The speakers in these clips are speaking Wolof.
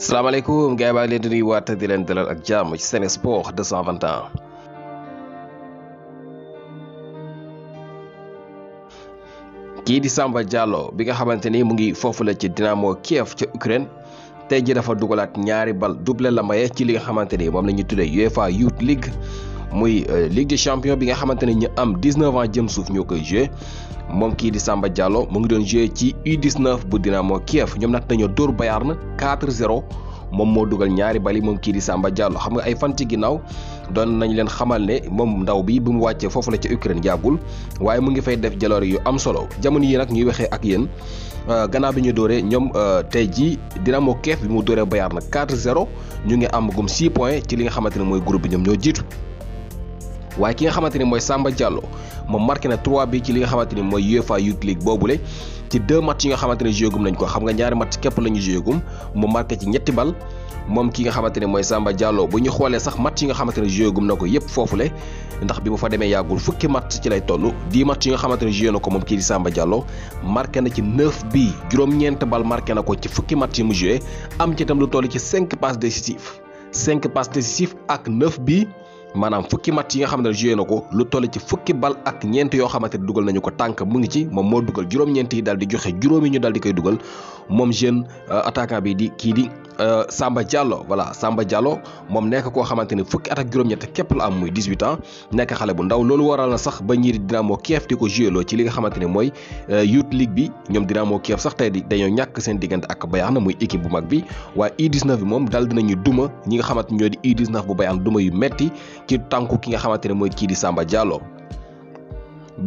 salaamaaleykum gars yi maa ngi leen di nuyuwaat di leen dalal ak jàmm ci Sen Sports 221. kii di Samba Diallo bi nga xamante ni mu ngi foofu la ci Dynamo Kiev ca Ukraine tey ji dafa dugalaat ñaari bal double la maye ci li nga xamante ni moom la ñu tuddee UEFA Youth League. muy euh, Ligue des champions bi nga xamante ne ñu am 19 ans jëm suuf ñoo koy joué moom kii di Samba Diallo mu ngi doon joué ci U19 bu Dynamo Kiev ñoom nag dañoo dóor Bayern 4-0 moom moo dugal ñaari bali moom kii di Samba Diallo xam nga ay fan ci ginnaaw doon nañ leen xamal ne moom ndaw bi bi mu wàccee foofu la ca Ukraine yàggul waaye mu ngi fay def jaloore yu am solo jamono yi nag ñuy waxee ak yéen euh, gannaaw bi ñu dóoree ñoom euh, tey jii Dynamo Kiev bi mu dóoree Bayern nag 4-0 ñu ngi am gum 6 points ci li nga xamante ne mooy groupe bi ñoom ñoo waaye ki nga xamante ni mooy sàmba Diallo moom marqué na 3 bi ci li nga xamante ni mooy UEFA Youth League boobule ci deux matchs yi nga xamante ne joué gum nañ ko xam nga ñaari match képp la ñu joué gum mu marqué ci ñetti bal moom ki nga xamante ne mooy Samba Diallo bu ñu xoolee sax match yi nga xamante ne joué gum na ko yépp foofule ndax bi mu fa demee yàggul fukki match ci lay toll dix match yi nga xamante ne joué na ko moom kii di Samba Diallo marqué na ci 9 bi juróom-ñeent bal marqué na ko ci fukki match yi mu joué am ci itam lu toll ci 5 passes décisives 5 passes décisives ak bi maanaam fukki match yi nga xam ne joué na ko lu toll ci fukki bal ak ñeent yoo xamante ne dugal nañu ko tànk mu ngi ci moom moo dugal juróom-ñeent yi daal di joxe juróomi ñu daal koy dugal moom jeune euh, attaquant bi di kii di Euh, Samba Diallo voilà Samba Diallo moom nekk koo xamante ni fukki at ak juróom-ñett képp la am muy 18 ans nekk xale bu ndaw loolu waral na sax ba ñiiri moo Kiev di ko joueloo ci li nga xamante ne mooy euh, Youth League bi ñoom Dinamo Kiev sax tey dañoo ñàkk seen diggante ak na muy équipe bu mag bi waaye U19 bi moom dal dinañu duma ñi nga xamante ñoo di U19 bu Bayern duma yu metti ci tànku ki nga xamante ne mooy kii di Samba Diallo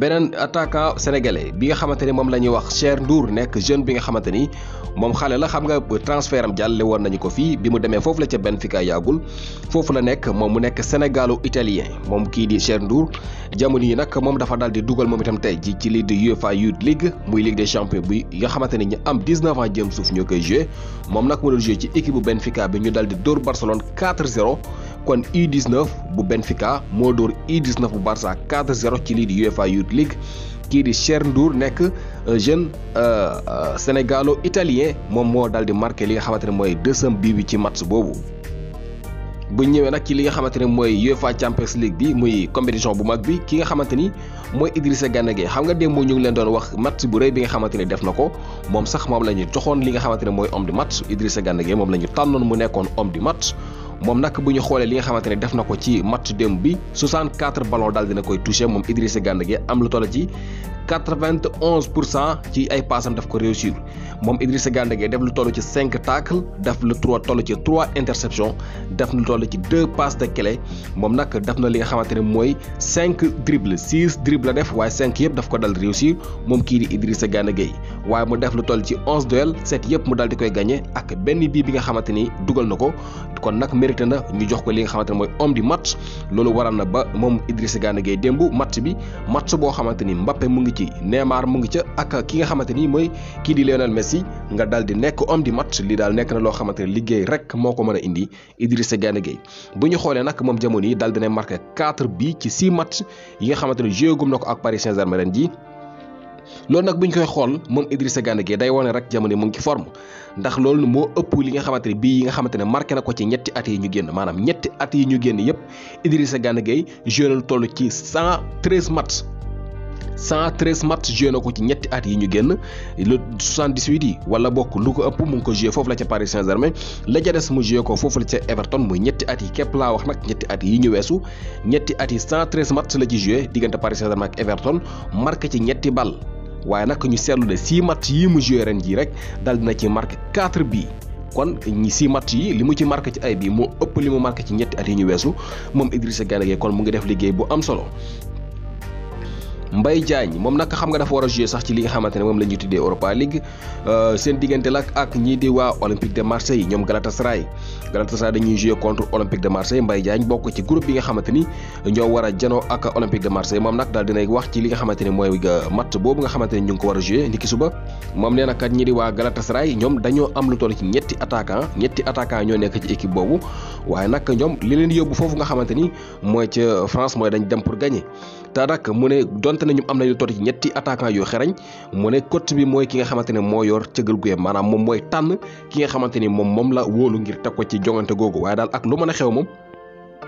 beneen attaquant sénégalais bi nga xamante ni moom la ñuy wax Cher Ndour nekk jeune bi nga xamante ni moom xale la xam nga transfert am jàlle woon nañu ko fii bi mu demee foofu la ca Benfica yaagul foofu la nekk moom mu nekk sénégalu italien moom kii di Cher nduur jamono yi nag moom dafa daal di dugal moom itam tey ji ci lii di UEFA Youth League muy Ligue des champions bi nga xamante ni ñu am 19 ans jëm suuf ñoo koy joué moom nag mu doon joué ci équipe bu Benfica bi ñu daal di dóor Barcelone 4-0 kon U19 bu Benfica moo door U19 bu Barça 4-0 ci lii di UEFA Youth League kii di Cher Ndour nekk jeune euh, euh, sénégalo italien moom moo daal di marqué li nga xamante ne mooy deuxième bii bi ci match boobu. bu ñëwee nag ci li nga xamante ne mooy UEFA Champions League bi muy compétition bu mag bi ki nga xamante ni mooy Idrissa Gana Gueye xam nga démb ñu ngi leen doon wax match bu rëy bi nga xamante ne def na ko moom sax moom la ñu joxoon li nga xamante ne mooy homme du match Idrissa Gana Gueye moom la ñu tànnoon mu nekkoon homme du match. mom nak buñu xolé li nga xamantene def nako ci match dem bi 64 ballon dal dina koy toucher mom Idrissa Gana am lu tolo ci 91% ci ay passam daf ko réussir mom Idrissa Gana Gueye def lu tolo ci 5 tackle daf lu 3 tolo ci 3 interception daf lu tolo ci 2 passes de clé mom nak daf na li nga xamantene moy 5 dribble 6 dribble def way 5 yeb daf ko dal réussir mom ki di Idrissa Gana way mu def lu tolo ci 11 duel 7 yeb mu dal di koy gagner ak benn bi bi nga xamanteni dugal nako kon nak mérité na ñu jox ko li nga xamante mooy homme du match loolu waral na ba moom sa Gana Gueye démb matt bi match boo xamante ni Mbappé mu ngi ci Neymar mu ngi ca ak ki nga xamante ni mooy kii di Lionel Messi nga dal di nekk homme du match li daal nekk na loo xamante ne liggéey rek moo ko mën a indi Idrissa Gana Gueye bu ñu xoolee nag moom jamono yi dal dina marqué 4 bi ci 6 match yi nga xamante ne joué na ko ak Paris Saint-Germain ji loolu nag bu ñu koy xool moom sa Gana Gueye day wane rek jamono mu ngi ci forme ndax loolu moo ëpp li nga xamante ne bii yi nga xamante ne marqué na ko ci ñetti at yi ñu génn maanaam ñetti at yi ñu génn yëpp Idrissa Gana Gueye joué toll ci 113 matchs 113 matchs joué na ko ci ñetti at yi ñu génn le 78 yi wala bokk lu ko ëpp mu ngi ko joué foofu la ca Paris Saint-Germain la ca des mu joué ko foofu la ca Everton muy ñetti at yi képp laa wax nag ñetti at yi ñu weesu ñetti at yi 113 matchs la ci joué diggante Paris Saint-Germain ak Everton marqué ci ñetti bal waaye nag ñu seetlu de sii match yi mu joué ren jii rek dal dina ci marqué quatre bi kon ñi si match yi li mu ci mark ci ay bii moo ëpp li mu marqué ci ñetti at yi ñu weesu moom Idrissa Gana Gueye kon mu ngi def liggéey bu am solo Mbaye Diagne mom nak xam nga dafa wara jouer sax ci li nga xamantene mom lañu tuddé Europa League euh, seen digënté lak ak ñi di wa Olympique de Marseille ñom Galatasaray Galatasaray dañuy jouer contre Olympique de Marseille Mbaye Diagne bokku ci groupe bi nga xamantene ño wara war ak Olympique de Marseille mom nak dal dinaay wax ci li nga xamante ni mooy euh, match boobu nga xamantene ñu ko wara jouer niki suba mom nee kat ñi di wa Galatasaray ñom dañoo am lu toll ci ñetti attaquant ñetti attaquant ñoo nekk ci équipe bobu waye nak ñom li leen yobbu fofu nga xamantene moy ci France moy dañ dem pour gagner te mu ne donte nañu ñoom am nañu tot ci ñetti attaquant yu xereñ mu ne coach bi mooy ki nga xamante ne moo yor cëgal guyeem maanaam moom mooy tànn ki nga xamante ni moom moom la wóolu ngir teg ko ci jongante googu waaye daal ak lu mën a xew moom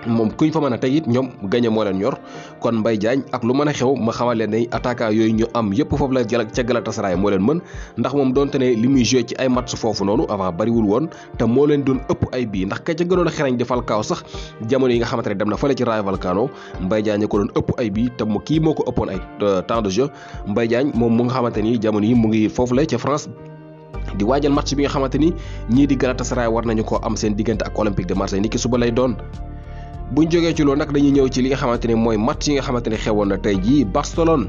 moom kuñ fa mën a tey it ñoom gañe moo leen ñor kon Mbaye Diagne ak lu mën a xew ma xamal leen ne attaquant yooyu ñu am yëpp foofu la jël ca Galatasaray moo leen mën ndax moom donte ne li muy joué ci ay match foofu noonu avant bariwul woon te moo leen doon ëpp ay bii ndax ka ca gënoon a xereñ di Falcao sax jamono yi nga xamante ne dem na fa fële ci Rayo Vallecano Mbaye Diagne ko doon ëpp ay bii te mu kii moo ko ëppoon ay euh, temps de jeu Mbaye Diagne moom mu nga xamante ni jamono yi mu ngi foofu la ca France waajal match bi nga xamante ni ñii di Galatasaray war nañu koo am seen diggante ak Olympique de Marseille ni suba lay doon buñ jógee ci loolu nag dañuy ñëw ci li nga xamante ne mooy match yi nga xamante ne xewoon na tey jii Barcelone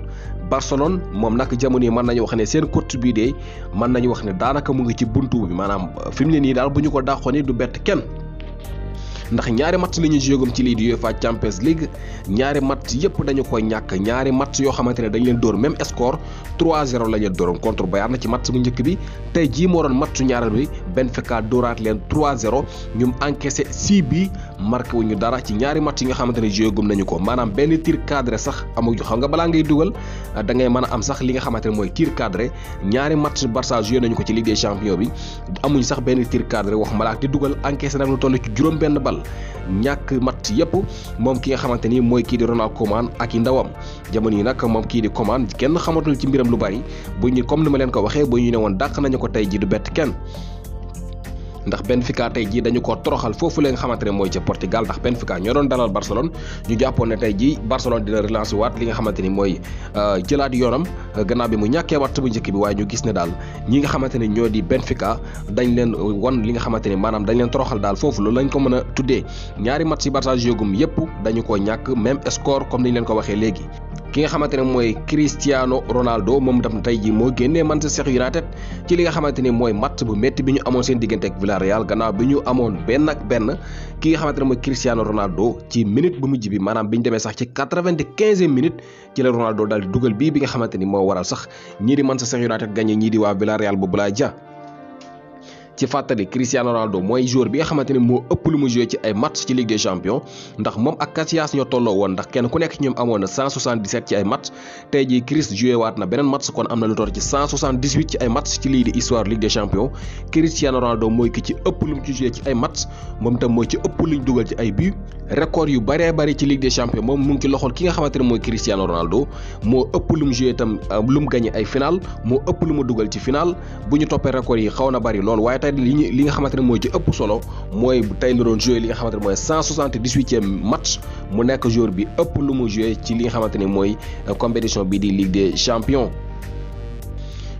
Barcelone moom nag jamono yi mën nañu wax ne seen coach bii de mën nañu wax ne daanaka mu ngi ci buntu bi maanaam fi mu ne nii daal bu ñu ko dàqoon ni du bett kenn. ndax ñaari matt la ñu jógam ci lii du UEFA Champions League ñaari match yëpp dañu ko ñàkk ñaari matt yoo xamante ne dañ leen dóor même score 3-0 la ñu dóoroon contre Bayern na ci matt bu njëkk bi tey jii moo doon match ñaareel bi Benfica dóoraat leen 3-0 ñum encaissé 6 bi marqué wuñu dara ci ñaari matt yi nga xamante ne joué gum nañu ko maanaam benn tir cadré sax amuñu xam nga balaa ngay dugal ah, dangay ngay mën a am sax li nga xamante ne mooy tir cadré ñaari match Barça joué ko ci Ligue des bi amuñ sax benn tir cadré wax malaak di dugal encaissé nag lu toll ci juróom benn bal ñàkk match yépp moom ki nga xamante ni mooy kii di Ronald Koeman ak i ndawam jamono yi nag moom kii di Koeman kenn xamatul ci mbiram lu bari bu ñu comme ni ma leen ko waxee bu ñu ne woon dàq nañu ko tey ji du bett kenn ndax Benfica tey jii dañu ko toroxal foofu la nga ne mooy ca Portugal ndax Benfica ñoo doon dalal Barcelone ñu jàppoon ne tey jii Barcelone dina relancer waat li nga xamante ni mooy euh, jëlaat yoonam euh, gannaaw bi mu ñàkkee waat bu njëkk bi waaye ñu gis ne daal ñi nga xamante ne ñoo di Benfica dañ leen euh, won li nga xamante ni maanaam dañ leen toroxal daal foofu loolu lañ ko mën a tuddee ñaari mat ci Barça yëgum yépp dañu ko ñàkk même score comme ni leen ko waxee léegi ki nga xamante ne mooy Cristiano Ronaldo moom tam tey ji moo génnee Manchester United ci li nga xamante ne mooy match bu métti bi ñu amoon seen diggante ak Villarreal gannaaw bi ñu amoon benn ak benn ki nga xamante ne mooy Cristiano Ronaldo ci minute bu mujj bi maanaam bi ñu demee sax ci quatre-vingt-quinzième minute ci la Ronaldo daal dugal bii bi nga xamante ni moo waral sax ñii di Manchester United gagné ñii di waa Villarreal bu Boulaye Dia ci fàttali Cristiano Ronaldo mooy joueur bi nga xamante ne moo ëpp lu mu joué ci ay match ci Ligue des Champions ndax ku nekk ci ñoom amoon na 177 ci ay match tey jii Chris joué waat na beneen match kon am na lu tor ci 178 ci ay match ci lu mu ci joué ci ay match yu bëree bëri ci Ligue des moom mu ngi ci loxol xamante ne mooy Cristiano moo ëpp lu mu joué itam euh, mu ëpp lu mu dugal ci final bu ñu toppee record yi xaw na bëri lool tey li li nga xamante ne mooy ci ëpp solo mooy tey la doon joué li nga xamante ne mooy 178e match mu nekk joueur bi ëpp lu mu joué ci li nga xamante ne mooy euh, compétition bi di Ligue des Champions.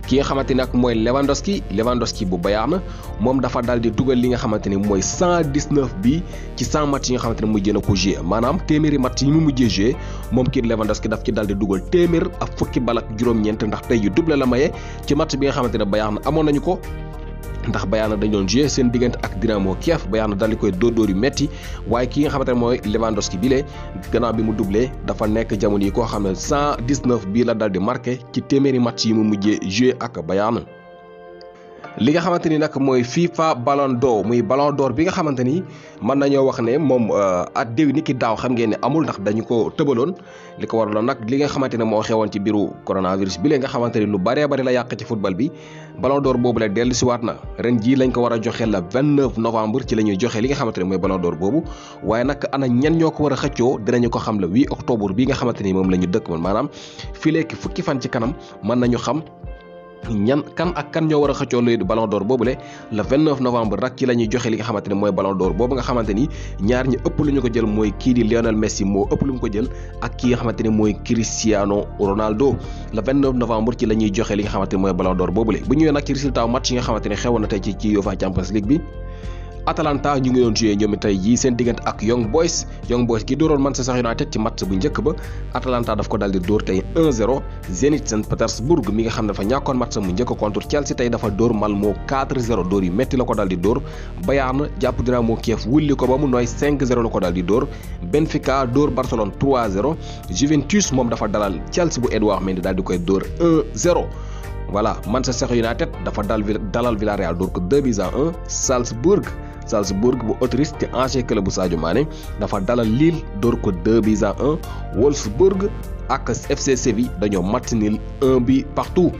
ki nga xamante ni nag mooy Lewandowski Lewandowski bu Bayern moom dafa daal di dugal li nga xamante ni mooy 119 bi ci 100 match yi nga xamante ne mujj na ko joué maanaam téeméeri match yi mu mujjee joué moom kii Lewandowski daf ci daal di dugal téeméer ak fukki balak ak juróom-ñeent ndax tey yu double la maye ci match bi nga xamante ne Bayern amoon nañu ko. ndax Bayern dañ doon joué seen diggante ak Dynamo Kiev Bayern daal di koy dóor-dóor yu metti waaye ki nga xamante ne mooy Lewandowski bile gannaaw bi mu doublé dafa nekk jamono yi koo xam ne 119 bii la daal di marqué ci téeméeri match yi mu mujjee joué ak Bayern. li nga xamante ni nag mooy FIFA Ballon d'Or muy Ballon d'Or bi nga xamante ni mën nañoo wax ne moom euh, at déw ni ki daaw xam ngeen ne amul ndax dañu ko tëbaloon li ko war waraloon nag li nga xamante ne moo xewoon ci biiru coronavirus bi lee nga xamante ni lu baree bari la yàq ci football bi Ballon boobu la dellu siwaat na ren jii lañ ko war a joxe la 29 novembre ci la ñuy joxe li nga xamante ne mooy Ballon d'Or boobu waaye nag ana ñen ñoo ko war a xëccoo dinañu ko xam le 8 bi nga xamante ni moom la ñu dëkk man maanaam fii léegi fukki fan ci kanam mën nañu xam ñan kan ak kan ñoo war a xëccoo luy ballon d'or boobule le 29 novembre nag ci la ñuy joxe li nga xamante ne mooy ballon d'or boobu nga xamante ñaar ñi ëpp lu ñu ko jël mooy kii di Lionel Messi moo ëpp lu mu ko jël ak kii nga xamante ne mooy Cristiano Ronaldo le 29 novembre ci la joxe li nga xamante ne mooy ballon d'or boobule bu ñëwee nag ci résultat match yi nga xamante ne na tey ci ci Champions League bi Atalanta ñu ngi doon joué ñoom tey jii seen diggante ak Young Boys Young Boys gi dóoroon Manchester United ci match bu njëkk ba Atalanta daf ko dal di dóor tey 1-0 Zenit Saint Petersburg mi nga xam ne dafa ñàkkoon match mu njëkk contre Chelsea tey dafa dóor Malmo 4-0 dóor yi métti la ko dal di dóor Bayern jàpp Dinamo Kiev wulli ko ba mu nooy 5-0 la ko dal di dóor Benfica dóor Barcelone 3-0 Juventus moom dafa dalal Chelsea bu Edouard Mendy dal di koy dóor 1-0. voilà Manchester United dafa dal dalal Villarreal dóor ko 2 buts à 1 Salzburg. Salzbourg bu Autriche te ancien club bu Sadio dafa dalal Lille door ko 2 buts à 1 Wolfsburg ak FC bi dañoo match nul 1 bi partout